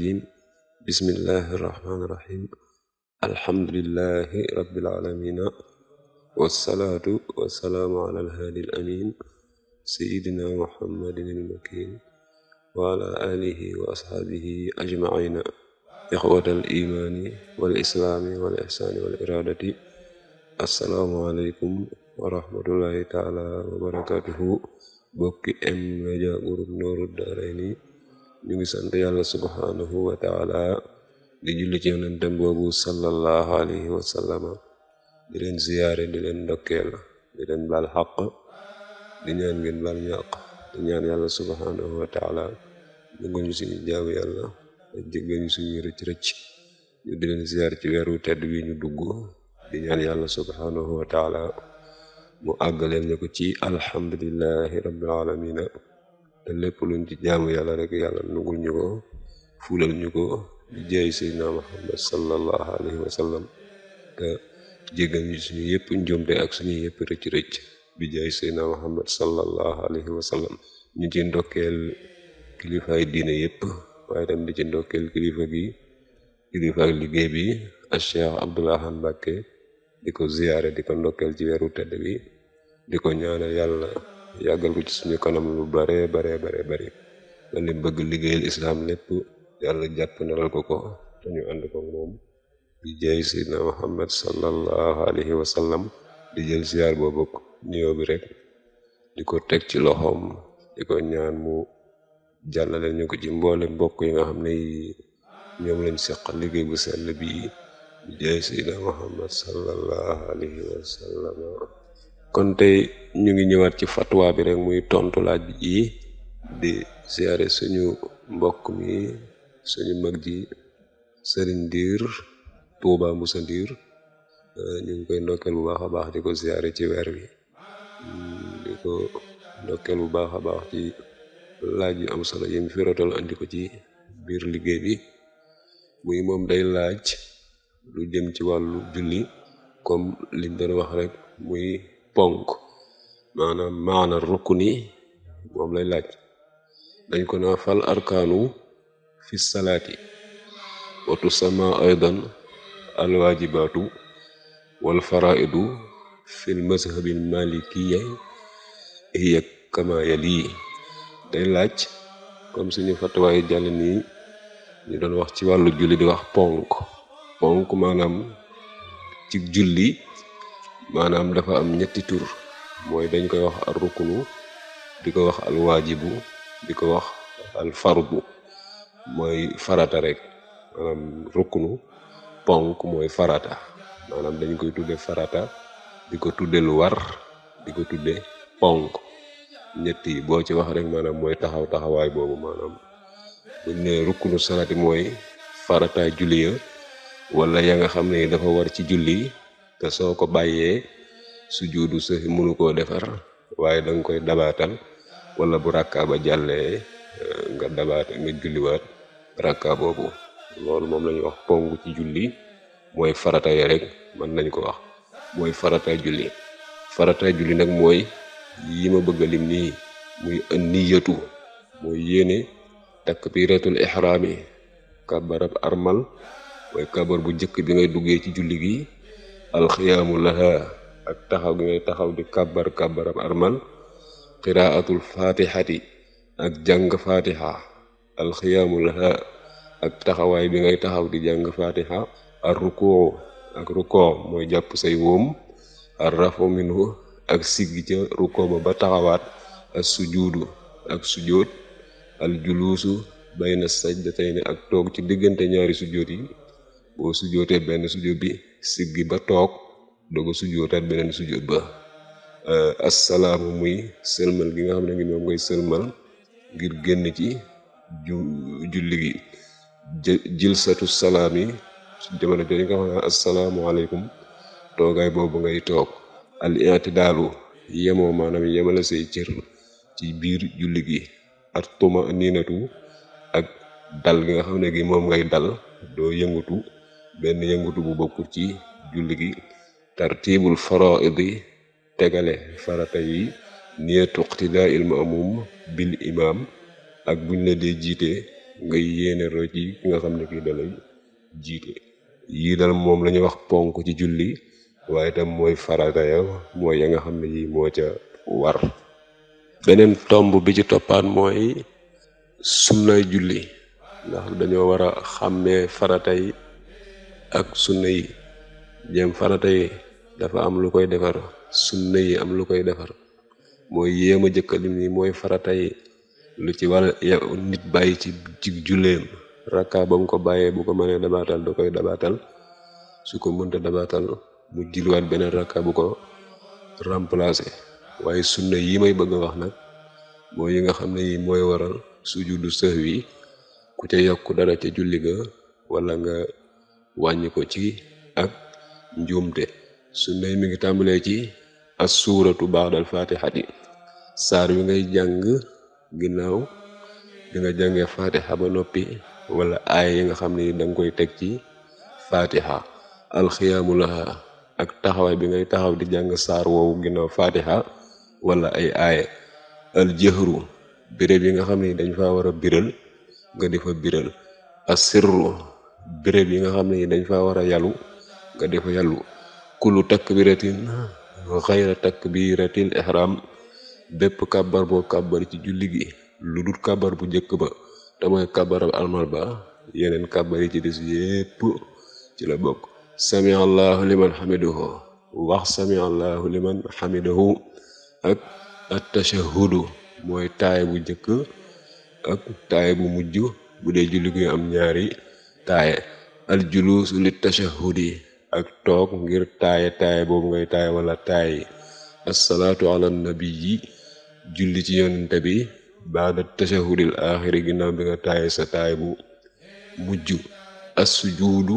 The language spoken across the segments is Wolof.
rajim bismillahi irrahmani irrahim alhamdulilahi rabilalamina walsalaatu wassalaamu ala alhaadi al amin sayidina muhammadin almakin waala alihi wa ashaabihi ajmaina ixwatal imaani wal islaami wal ihsaani wal iraadati asalaamualeykum wa rahmatullahi taala wa barakatuhu bokki M Media Group Nooru Daarayni ñu ngi sant yàlla subhanahu wa taala di julli ci yonentem boobu sallallahu alayhi wa sallama di leen ziyaare di leen ndokkeel di leen baal xaq di ñaan ngeen baal ñàq di ñaan yàlla subhanahu wa taala nangul ñu suñu jaamu yàlla ak jéggal ñu suñu rëcc-rëcc ñu di ziyaar ci weeru tedd wi ñu dugg di ñaan yàlla subhanahu wa taala mu àggaleel ñu ko ci alhamdulillahi rabbil alamina te lépp luñ ci jàmm yàlla rek yàlla nungul ñu ko fulal ñu ko di jaay seydina muhammad sallallahu alayhi wa sallam te jéggal suñu yëpp njuumte ak suñu yëpp rëcc-rëcc bi jaay seydina muhammad sallallahu alayhi wa sallam ñu ci ndokkeel kilifaay diine yëpp waaye tam di ci ndokkeel kilifa liggéey bi ak Cheikh Abdoul di ko ziyaare di ko ndokkeel ci weeru tedd bi di ko ñaanal yàlla yàggal ko ci suñu kanam lu bare bare bare bari man ne bëgg liggéeyal islaam lépp yàlla jàpp nalal ko ko te ñu ànd ko moom di jeey sidna muhammad sallallahu alayhi wa sallam di jël siyaar boobu nuyoo bi rek di ko teg ci loxoom di ko ñaan mu jàllale ñu ko ci mboole mbokk yi nga xam ne ñoom lañ seq liggéey bu sell bi di jeey sidna muhammad sallallahu alayhi wa sallam kon tey ñu ngi ñëwaat ci fatwa bi rek muy tontu laaj yi di siyaare suñu mbokk mi suñu mag ji sëriñ Ndir Touba Moussa Ndir euh, ñu ngi koy ndokkeel bu baax a baax di ko siyaare ci weer wi mm, di ko bu baax a baax ci laaj yu am solo yi mu fi rotal andi ko ci biir liggéey bi muy moom day laaj lu jëm ci wàllu julli kom liñ doon wax rek muy ponk maanaam maana ni moom lay laaj dañ ko naa fal arkaanu fi salaati wa tusama aydan alwaajibaatu wal faraidu fi l mazhabi malikiya hiya kama yi day laaj kom suñu fatawaayu jàll nii ñu doon wax ci wàllu julli di wax ponk ponk maanaam ci julli maanaam dafa am ñetti tur mooy dañ koy wax al ruknu di ko wax al waajibu di ko wax al fardu mooy farata rek maanaam ruknu ponk mooy farata maanaam dañ koy tudde farata di ko tudde lu war di ko tudde ponk ñett boo ci wax rek maanaam mooy taxaw taxawaay boobu maanaam buñ ne salaati mooy farata julli ya wala ya nga xam ne dafa war ci julli te soo ko bàyyee sujuudu sahwi mënu koo defar waaye danga koy dabaatal wala bu rakka ba jàllee eh, nga dabaat nga julliwaat rakka boobu loolu moom la wax pongu ci julli mooy farata yi rek mën nañ ko wax mooy farata julli farata julli nag mooy yi ma bëgg a lim nii muy niyatu mooy yéene takbiratul ihraami kabarab armal mooy kabar bu njëkk bi ngay duggee ci julli gi alxiyaamu laha ak taxaw gi ngay taxaw di kàbbar kàbbaram armal qiraatul fatihati ak jàng fatiha alxiyaamu laha ak taxawaay bi ngay taxaw di jàng fatiha ar rukuu ak rukoo mooy jàpp say wóom ar rafo minhu ak siggi ca rukoo ba ba taxawaat ak sujuudu ak sujoot al juluusu bayna sajdatayni ak toog ci diggante ñaari sujoot yi boo sujootee benn sujoot bi siggi ba toog doog a sujjootaat beneen sujjoot ba euh, assalaamu muy sëlmal gi nga xam ne ngi moom ngay sëlmal ngir génn ci ju julli gi jilsatu salaam yi jamono jooju nga xam ne assalaamu aleykum toogaay boobu ngay toog al i'tidaalu yemoo maanaam yemale say cër ci biir julli gi at tuma niinatu ak dal gi nga xam ne gi moom ngay dal doo yëngatu benn yëngutu bu bokkul ci julli gi tartibul farata yi niyatu iqtidaa il ma'mum bil imam ak buñ la dee jiite nga yéene roy ci ki nga xam ne kii dalay jiite yii dal moom la wax ponk ci julli waaye tam mooy farata ya mooy ya nga xam ne yii moo ca war beneen tomb bi ci toppaat mooy sunnay julli ndax dañoo war a xàmmee farata ak sunna yi jëm farata dafa am lu koy defar sunna yi am lu koy defar mooy yéem a jëkka lim yi mooy farata lu ci war nit bàyyi ci jig julleem rakka ba mu ko bàyyee bu ko mënee dabaatal da koy dabaatal su ko mënta dabaatal mu julliwaat beneen rakka ko remplacer waaye sunna yi may bëgg a wax nag mooy yi nga xam ne yi mooy waral sujudu sahwi ku ca yokk dara ca julli ga wala nga wàññi ko ci ak njuumte su yi mi ngi tàmbalee ci as suuratu ba'dal faatixati saar wi ngay jàng ginnaaw bi nga jàngee faatixa ba noppi wala aaya yi nga xam ni danga koy teg ci faatixa alxiyaamu laha ak taxawaay bi ngay taxaw di jàng saar woowu ginnaaw faatixa wala ay aaya aljëhru béréb yi nga xam ne dañ fa war a biral nga di fa biral asirru béréb yi nga xam ne dañ fa war a yàllu nga di fa yàllu kullu takbiratin takk takbiratil ihram bépp kàbbar boo kàbbar ci julli gi lu dul kàbbar bu njëkk ba te mooy kàbbar bu ba yeneen kàbbar yi ci des yépp ci la bokk sami allahu liman xamidahu wax sami allahu liman xamidahu ak atashahudu mooy taay bu njëkk ak taay bu mujj bu dee julli guy am ñaari taaye al li tashahudi ak toog ngir taaye taaye boobu ngay taaye wala taaye assalaatu ala nabii julli ci yonente bi baada tashahudil axiri ginnaaw bi nga taaye sa taay bu mujj assujuudu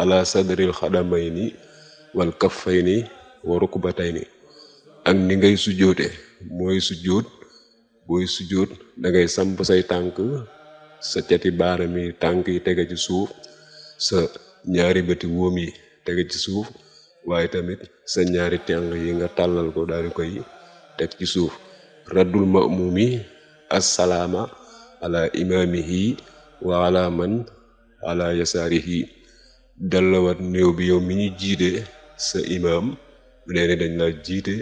ala sadril xadamayni wal kaffayni wa rukbatayni ak ni ngay sujoote mooy sujoot booy sujoot da samp say tànk sa cati baaram mi tànk yi tege ci suuf sa ñaari bëti wóom yi tege ci suuf waaye tamit sa ñaari teng yi nga tàllal ko daal koy teg ci suuf raddul ma'mumi assalaama ala imaamihi wa ala man ala yasaarihi dallawat néew bi yow mi ñu jiite sa imaam mu ni dañ la jiite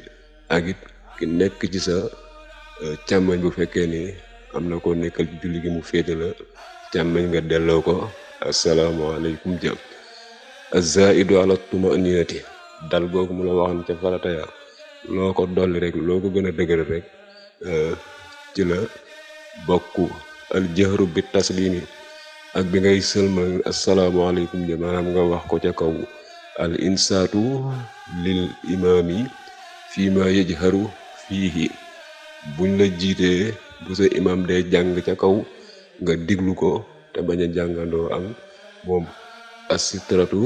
ak it ki nekk ci sa euh, càmmoñ bu fekkee nii am na ko nekkal julli gi mu féete la càmmeñ nga delloo ko asalaamaaleykum jëm azaidu ala tumaninati dal googu mu la waxoon ca farata ya loo ko dolli rek loo ko gën dëgër euh, ci la bokk al jahru bi taslimi ak bi ngay sëlmal asalaamaaleykum jëm maanaam nga wax ko ca kaw al insaatu lil imaami fii ma yajharu fiihi buñ la jiitee bu sa imam day jàng ca kaw nga diglu ko te bañ a jàngandoo am moom asitratu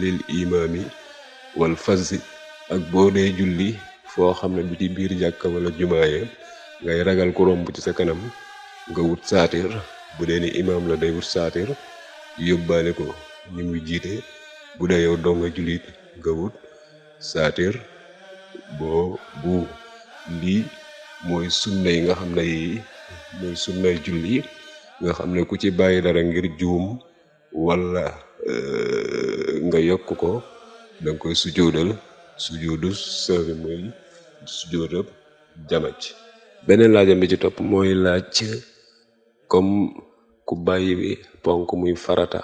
lil imaami wal fazi ak boo dee julli foo xam ne bi biir jàkk wala jumaaye ngay ragal ku romb ci sa kanam nga wut saatir bu dee ni imaam la day wut saatir yóbbaale ko ñu muy jiite bu dee yow doo nga jullit nga wut saatir boo bu lii mooy sunna yi nga xam ne yi mooy sunnay julli nga xam ne ku ci bàyyi dara ngir juum wala euh, nga yokk ko da nga koy sujoodal sujoodu sahwi mooy sujoodab jamaj beneen laajam bi ci topp mooy laaj comme ku bàyyi bi ponk muy farata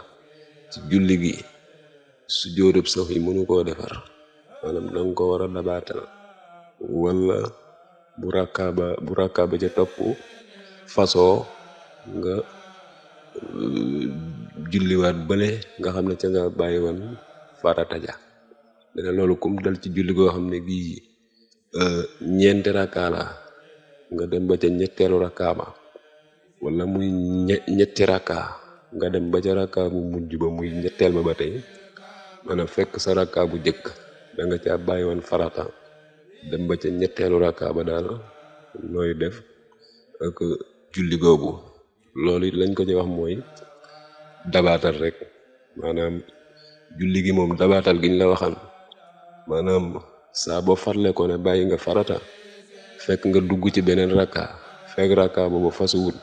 ci julli gi sujoodab sahwi mënu koo defar maanaam da ko war a dabaatal bu rakkaa ba bu rakkaa ba ca topp fasoo nga euh, julliwaat bële nga xam ne ca nga bàyyi woon farata ja dana loolu kum dal ci julli goo xam ne gi euh, ñeenti rakkaa la nga dem ba ca ñetteelu rakkaa ba wala muy ñetti rakkaa nga dem ba ca rakkaa bu mujj ba muy ñetteel ba ba tey maanaam fekk sa rakka bu jëkk da nga caa bàyyi woon farata dem ba ca ñetteelu rakka ba daal looy def ak julli googu loolu it lañ ko ci wax mooy dabaatal rek maanaam julli gi moom dabaatal giñ la waxal maanaam saa boo farle ko ne bàyyi nga farata fekk nga dugg ci beneen rakka fekk rakka boobu fasuwut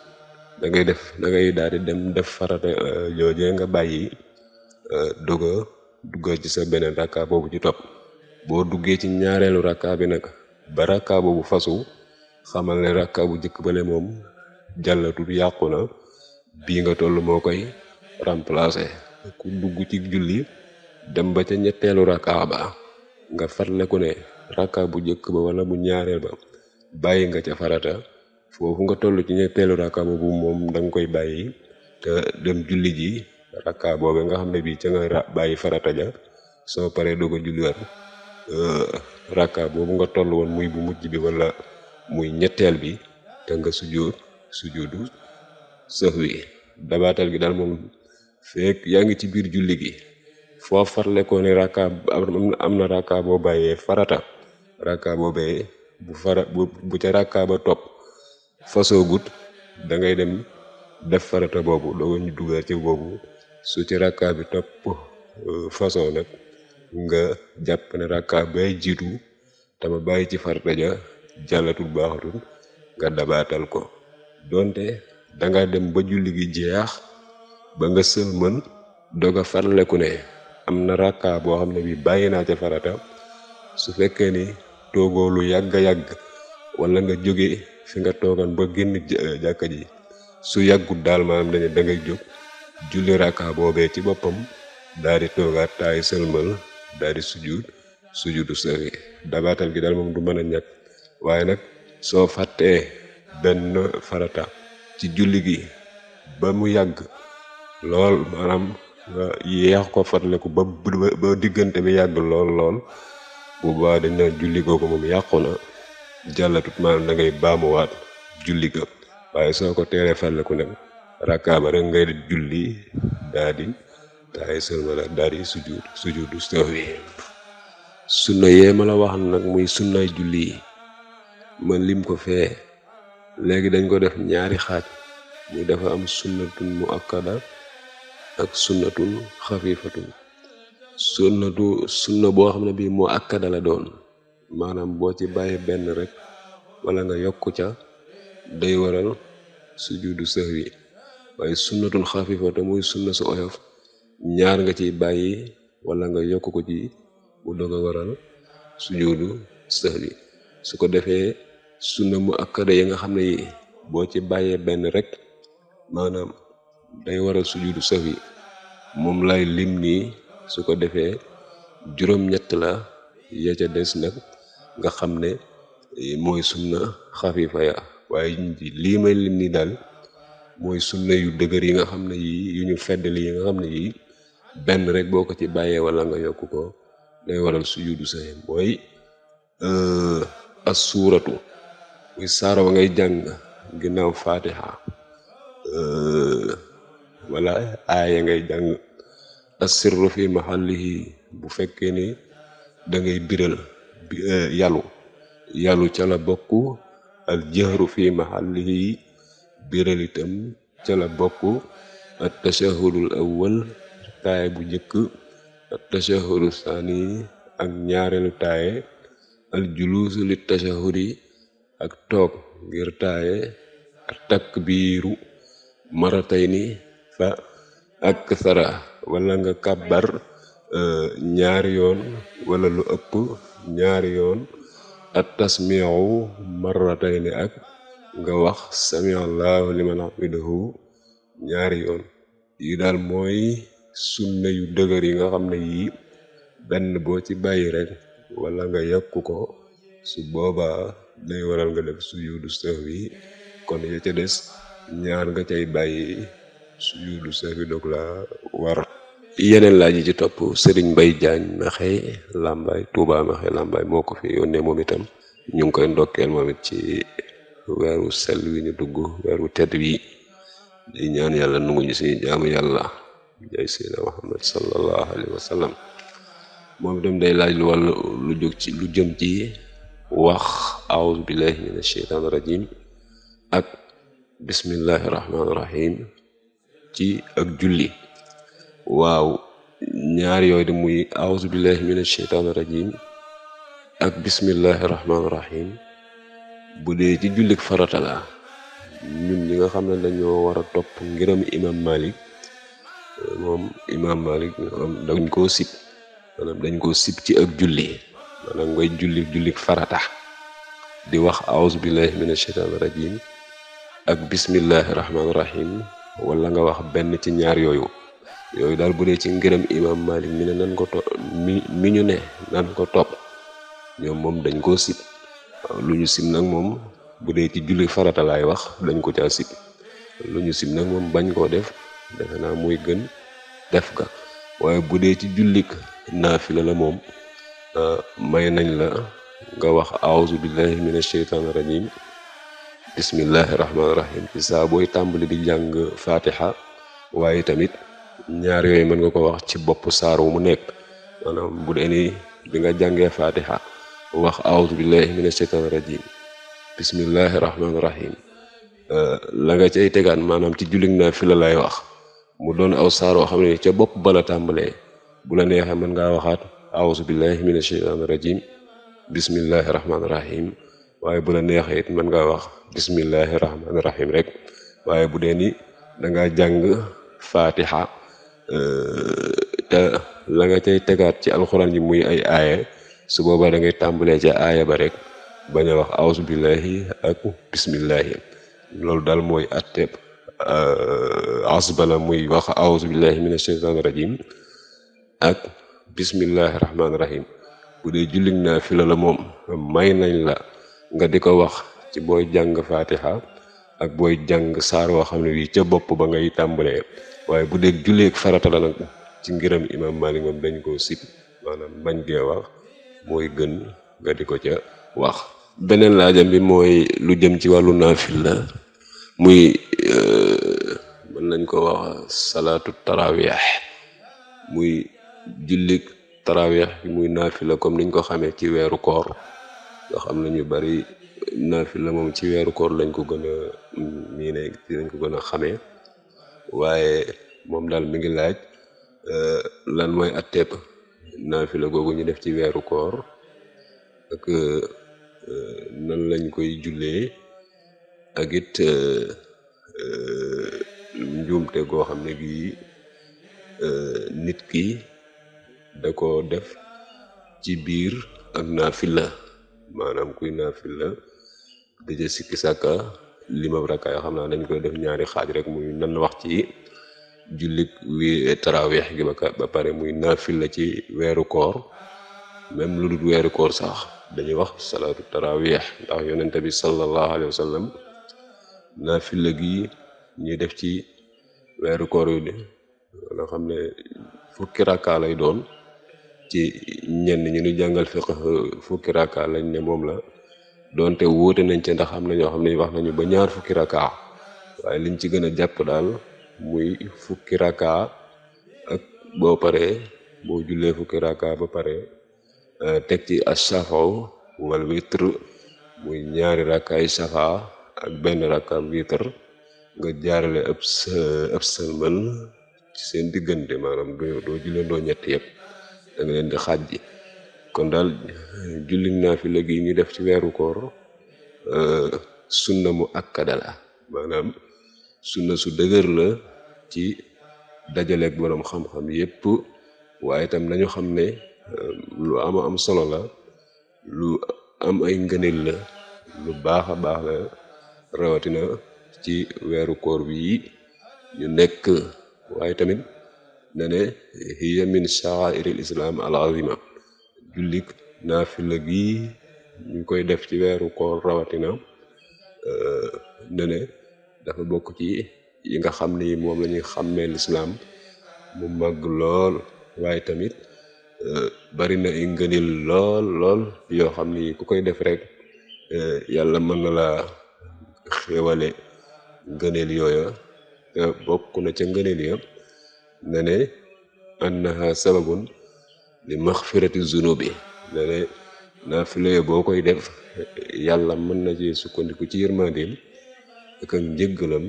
da ngay def da daal di dem def farata eh, joojee nga bàyyi eh, doga dugga ci sa beneen rakka boobu ci topp boo duggee ci ñaareelu rakka bi nag ba rakka boobu fasu xamal ne rakka bu njëkk ba ne moom jàllatul yàqu na bii nga toll moo koy remplacer ku dugg ci julli dem ba ca ñetteelu rakka ba nga fàttaliku ne rakka bu njëkk ba wala bu ñaareel ba bàyyi nga ca farata foofu nga toll ci ñetteelu rakka bu moom danga koy bàyyi te dem julli ji rakka boobe nga xam ne bi ca nga bàyyi farata ja soo paree doo ko julliwaat Euh, rakka boobu nga toll woon muy bu mujj bi wala muy ñetteel bi te nga sujjóot sujjóotu sahwi dabaatal gi daal moom yaa ngi ci biir julli gi foo farle ko ne rakka am na rakka boo bàyyee farata rakka boo bàyyee bu fara bu ca rakka ba dem def farata boobu doo ñu ci boobu su ci rakka bi topp euh, façon nag nga jàpp ni rakka bay jiitu tama bàyyi ci farata ja jàllatul baaxatul nga dabaatal ko donte danga dem ba julli gi jeex ba nga sëlmën doga farleku ne am na rakka boo xam ne bi bàyyi naa ci farata su fekkee ni toogoo lu yàgga yàgg wala nga jóge fi nga toogan ba génn euh, jàkka ji su yàggut daal maanaam dañu da ngay jóg julli rakka boobee ci boppam daal di toogaat taay sëlmal daal di sujjuut sujjuutu sahwi gi daal moom du mën a ñàkk waaye nag soo fàttee benn farata ci julli gi ba mu yàgg lool maanaam nga yeex ko fàttale ku ba diggante bi yàgg lool lool bu baa dañ naan julli googu moom yàqu na jàllatut maanaam da ngay baamuwaat julli ga waaye soo ko teelee fàttale ko nag rakkaaba rek ngay julli daa taay sërmala daal di sujud sujudu sahwi sunna yee ma la wax nag muy sunnaay julli yi man lim ko fee léegi dañ ko def ñaari xaaj muy dafa am sunnatun muakkada ak sunnatun xafifatun sunnatu sunna boo xam ne bii muakkada la doon maanaam boo ci bàyyi benn rek wala nga yokk ca day waral sujudu sahwi waaye sunnatun xafifa te muy sunna su oyof ñaar nga ci bàyyi walla nga yokk ko ci mu doog a waral sujuudu sahwi su ko defee sunna mu akkada yi nga xam ne yi boo ci bàyyee benn rek maanaam day waral sujuudu sahwi moom lay lim nii su ko defee juróom-ñett la ya ca des nag nga xam ne mooy sunna xafifa ya waaye lii may lim nii daal mooy sunna yu dëgër yi nga xam ne yii yu ñu feddali yi nga xam ne yii benn rek boo ko ci bàyyee wala nga yokku ko day waral sujudu sahwi mooy euh, as suuratu muy saaro ngay jàng ginnaaw fatiha euh, wala aaya ngay jàng assirru fi mahallihi bu fekkee ni dangay ngay biral euh, yalu yalu ca bokk al jahru fi mahallihi biral itam ca bokk at tashahudul awwal taaye bu njëkk tashahuru sani ak ñaareelu taaye al juluusu li tashahuri ak toog ngir taaye ak takbiiru maratayni fa ak sara wala nga kàbbar euh, ñaari yoon wala lu ëpp ñaar yoon at tasmiu maratayni ak nga wax sami allahu liman hamidahu ñaari yoon yi daal mooy sunna yu dëgër yi nga xam ne yii benn boo ci bàyyi rek walla nga yokku ko su booba day waral nga def sujuudu sahwi kon ya ca des ñaar nga cay bàyyi sujuudu sahwi dog la war yeneen laaj yi ci topp Serigne Mbaye Diagne Maxey Lambaay Touba Maxey Lambaay moo ko fi yónnee moom itam ñu ngi koy ndokkeel moom it ci weeru sel wi ñu dugg weeru tedd wi di ñaan yàlla nungu ñu suñu jaamu yàlla jaay seydina muhammad sallallahu alayhi wa moom itam day laaj lu wàllu lu ci lu jëm ci wax aoudu billahi min asheytan rajim ak bismillahi rahmaani yooyu de muy aoudu billahi min rajim ak bismillahi rahmaani rahim bu dee ci jullik farata la ñun ñi nga xam ne dañoo war a topp ngiram imam malik moom imaam Malik dañ koo sib dañ koo sib ci ak julli maanaam ngay julli julli farata di wax aouzu billahi mina shaytaani rajim ak bismillahi rahmaani rahim wala nga wax benn ci ñaar yooyu yooyu daal bu dee ci ngërëm imaam Malik mi ne nan ko topp mi ñu ne nan ko topp ñoom moom dañ koo sib waaw lu ñu sib nag moom bu dee ci julli farata laay wax dañ ko caa sib lu ñu sib nag moom bañ koo def defe naa mooy gën def ga waaye bu dee ci jullik naafila la moom may nañ la nga wax aawuzu billahi min asheytaani rajim bismillahi rahmaani rahim ci saa booy tàmbali di jàng fatiha waaye tamit ñaar yooyu mën nga ko wax ci bopp saar wu mu nekk maanaam bu dee ni bi nga jàngee fatiha wax aawuzu billahi min asheytaani rajim bismillahi rahmaani rahim la nga cay tegaat maanaam ci jullik naafila lay wax mu doon aw saar woo xam ne ca bopp bala la tàmbalee bu la neexee mën ngaa waxaat auzu billahi mina sheytaani rajim bismillahi rahmaani rahim waaye bu la neexee it mën ngaa wax bismillahi rahmaani rahim rek waaye bu dee ni da ngaa jàng faatiha eh, te la nga cay tegaat ci alxuraan yi muy ay aaya su booba da ngay tàmbalee ca aaya ba rek bañ a wax auzu billahi ak bismillahi loolu daal mooy atteeb Euh, asbana muy wax a'uzu billahi mina shaytaani rajim ak bismillahi rahmaani rahim bu dee jullit naa la moom may nañ la nga di ko wax ci booy jàng fatiha ak booy jàng saar woo xam ne bii ca bopp ba ngay tàmbalee waaye bu dee julleek farata la nag ci ngiram imam Malik moom dañ koo sib maanaam bañ gee wax mooy gën nga di ko ca wax beneen laajam bi mooy lu jëm ci wàllu naafil la muy Euh, mën nañ ko wax salaatu taraweex muy jullik taraweex bi muy naafila comme niñ ko xamee ci weeru koor nga xam ne ñu bari naafila moom ci weeru koor lañ ko gën a miine ci lañ ko gën a xamee waaye moom daal mi ngi laaj euh, lan mooy atteeb naafila googu ñu def ci weeru koor ak euh, nan lañ koy jullee ak njuumte goo xam ne gii nit ki da ko def ci biir ak naafila maanaam kuy naafila dëjë sikki sàkka limab rakkaay xam naa dañ koy def ñaari xaaj rek muy nan wax ci jullit wi taraweex gi ba pare muy naafila ci weeru koor même lu dul weeru koor sax dañuy wax salaatu taraweex ndax yonente bi sallallahu alayhi naafila gi ñuy def ci weeru koor yu ne nga xam ne fukki rakkaa lay doon ci ñenn ñu nu jàngal fiqh fukki lañ ne moom la doonte wóote nañ ci ndax am na ñoo xam ne wax nañu ba ñaar fukki rakkaa waaye liñ ci gën a jàpp daal muy fukki rakkaa ak boo paree boo julee fukki rakkaa ba pare eh, teg ci as safaw wal witr muy ñaari rakkaay safa ak benn rakka wiitar nga jaarale ab ab ci seen diggante maanaam doo doo ñett yëpp danga leen di xaaj ji kon daal julli naa fi léegi ñu def ci weeru koor euh, sunna mu akkada la maanaam sunna su dëgër la ci dajaleek boroom xam-xam yépp waaye itam nañu xam ne euh, lu am am solo la lu am ay ngëneel la lu baaxa a baax la rawatina ci weeru koor bii ñu nekk waaye tamit ne ne hiya min sha'airil islam al azima jullik naafila gi ñu koy def ci weeru koor rawatina eh, ne dafa bokk ci yi nga xam ni moom la ñuy xàmmee lislaam mu màgg lool waaye tamit eh, bari na i ngënil lool lool yoo xam ni ku koy def rek eh, yàlla mën na laa xéewale ngëneel yooya te bokk na ca ngëneel ya na ne sababun li maxfirati zunubi na ne naafila boo koy def yàlla mën na ci sukkandiku ci yërmandeem ak ak njëggalam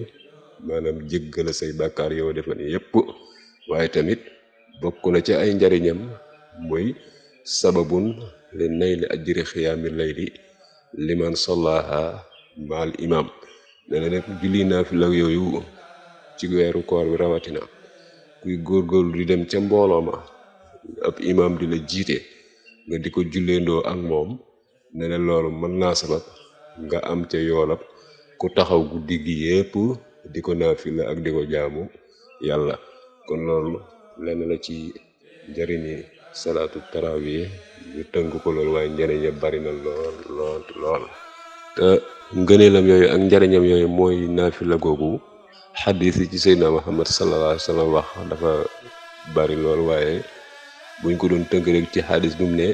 maanaam jëggala say bàkkaar yow defan yépp waaye tamit bokku na ci ay njariñam muy sababun li nay li ajri xiyaami layli liman sallaha maal imaam nee na nag julli naafila yooyu ci weeru koor bi rawatina kuy góorgóorlu di dem ca mbooloo ma ab imaam di la jiite nga di ko julleendoo ak moom ne loolu mën naa sabab nga am ca yoolab ku taxaw guddi gi yépp di ko naafila ak di ko jaamu yàlla kon loolu lenn la ci njëriñi salaatu tarawih ñu tënk ko loolu waaye njëriñ ya bari na lool lool te ngëneelam yooyu ak njariñam yooyu mooy naafila googu xadis yi ci Seydina Muhammad sallallahu alayhi wa sallam wax dafa bari lool waaye buñ ko doon tënk rek ci xadis bi mu ne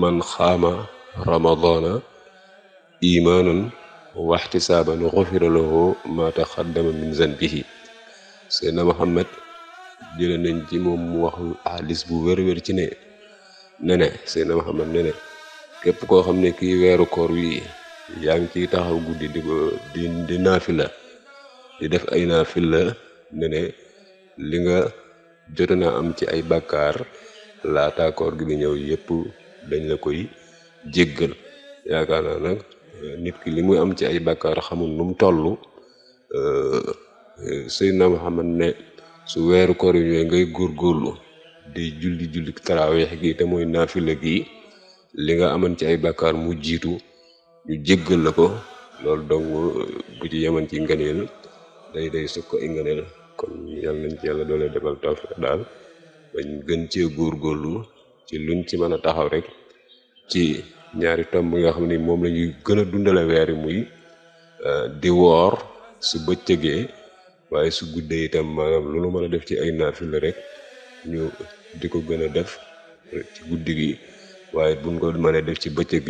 man xaama ramadana imaanan waxtisaaban xufira lahu ma taqaddama min zanbihi Seydina Muhammad jële nañ ci moom mu wax xadis bu wér-wér ci ne ne ne Seydina Muhammad ne képp koo xam ne kii weeru koor wii yaa ngi ci taxaw guddi di ko di di naafila di def ay naafila ne ne li nga jotana am ci ay bakkaar laata koor gi di ñëw yépp dañ la koy jéggal yaakaar naa nag nit ki li muy am ci ay bàkkaar xamul nu mu toll Seydina Muhammad ne su weeru koor yu ñëwee ngay góorlu di julli julli taraaweex gi te mooy naafila gi li nga amoon ci ay bàkkaar mu jiitu ñu jéggal la ko loolu dong bu ci yeman ci ngëneel day day sukk ay ngëneel kon yàlla nañ ci yàlla doolee defal tawfiq daal bañ gën cee góorgóorlu ci luñ ci mën a taxaw rek ci ñaari tomb nga xam ni moom la ñuy gën dundale weer yi muy euh, di woor su bëccëgee waaye su guddee itam maanaam lu nu mën a def ci ay naafila rek ñu di ko gën a def ci guddi gi waaye buñ ko mënee def ci bëccëg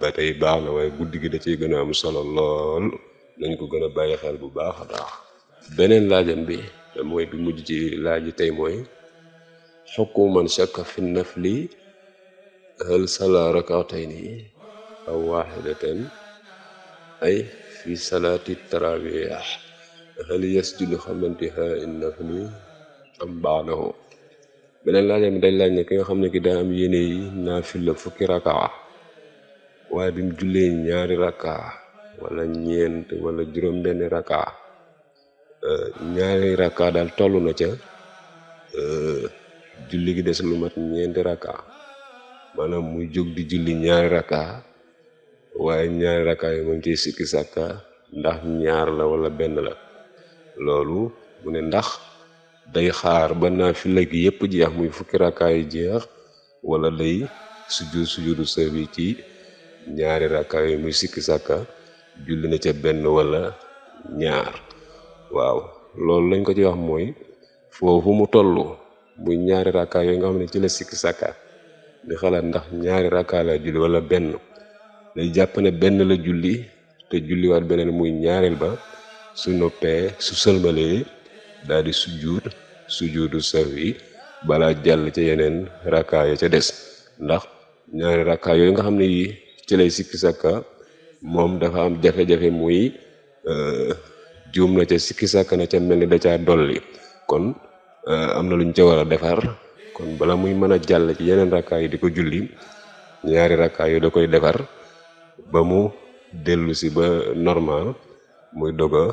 ba tey baax na waaye guddi gi da ciy gën a am solo lool nañ ko gën a bàyyi xel bu baax a baax beneen laajam bi mooy bi mujj ci laaji tey mooy xukuman shakka fi nafli hal sala nii aw waxidatan ay fi salaati tarawih hal yasjudu xamantiha in nafli am baadahu beneen laajam bi dañ laaj ne ki nga xam ne ki daa am yéene yi naafila fukki rakaa waaye bi mu jullee ñaari rakka wala ñeent wala juróom benn rakka eh, ñaari rakka daal toll na ca eh, julli gi des lu mat ñeenti rakka maanaam muy jóg di julli ñaari rakka waaye ñaari rakka yi mu ngi ciy sikki sàkka ndax ñaar la wala benn la loolu mu ne ndax day xaar ba naafila gi yépp jeex muy fukki rakka yi jeex wala day sujud sujudu sahwi ci ñaari rakka yooyu muy sikki sàkka julli na ca benn wala ñaar waaw loolu lañ ko ci wax mooy foofu mu toll muy ñaari rakka yooyu nga xam ne ci la sikki sàkka di xalaat ndax ñaari rakka la julli wala benn day jàpp ne benn la julli te julliwaat beneen muy ñaareel ba su noppee su sëlmalee daal di sujjuut sujjuutu yi balaa jàll ca yeneen rakka ya ca des ndax ñaari rakka nga xam ne yii ci lay sikki sàkka moom dafa am jafe-jafe muy euh, juum na ca sikki sàkka na ca mel ni da caa dolli kon euh, am na lu ñu ca war a defar kon bala muy mën a jàll ci yeneen rakkaa yi di ko julli ñaari rakkaa yu da koy defar ba mu dellu si ba normal muy dog a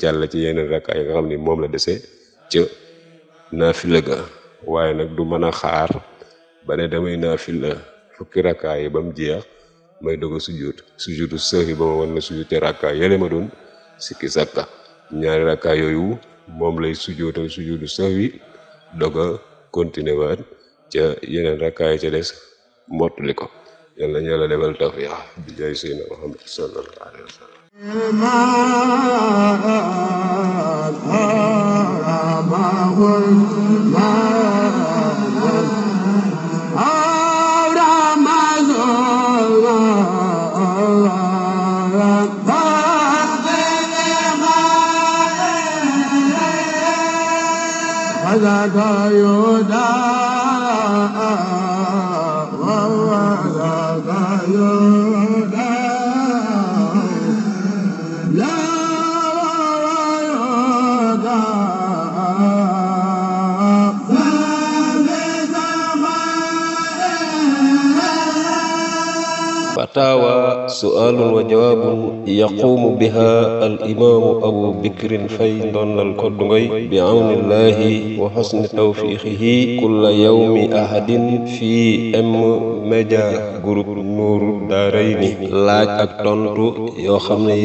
jàll ci yeneen rakkaa yi nga xam ni moom la dese ca naafila ga waaye nag du mën a xaar ba ne damay naafila fukki rakkaa yi ba mu may doog a sujjóot sujjóotu sahwi ba ma war na sujjóot ca rakka yële ma doon sikki sàkka ñaari rakka yooyu moom lay sujjóotal sujjóotu sahwi doog a continuer waat ca yeneen rakka yi ca des mottali ko yàlla ñu yàlla defal tawfiq bi jaay Seydina Muhammad sallallahu alayhi ذاك يدار suaalun wa jawaabun yaquumu biha al imaamu abu bikrin fay ndondal koddungoy bi awnillahi wa xosni tawfiixihi yow yawmi ahadin fii M Media Group Nour Daarayni laaj ak tontu yoo xam ne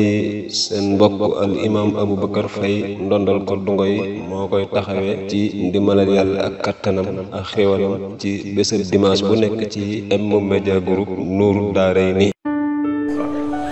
seen mbokk al imaam abu bakar fay ndondal koddungoy moo koy taxawee ci ndimbalal yàlla ak kattanam ak xéwalam ci bésëb dimanche bu nekk ci M Media Group Nour Daarayni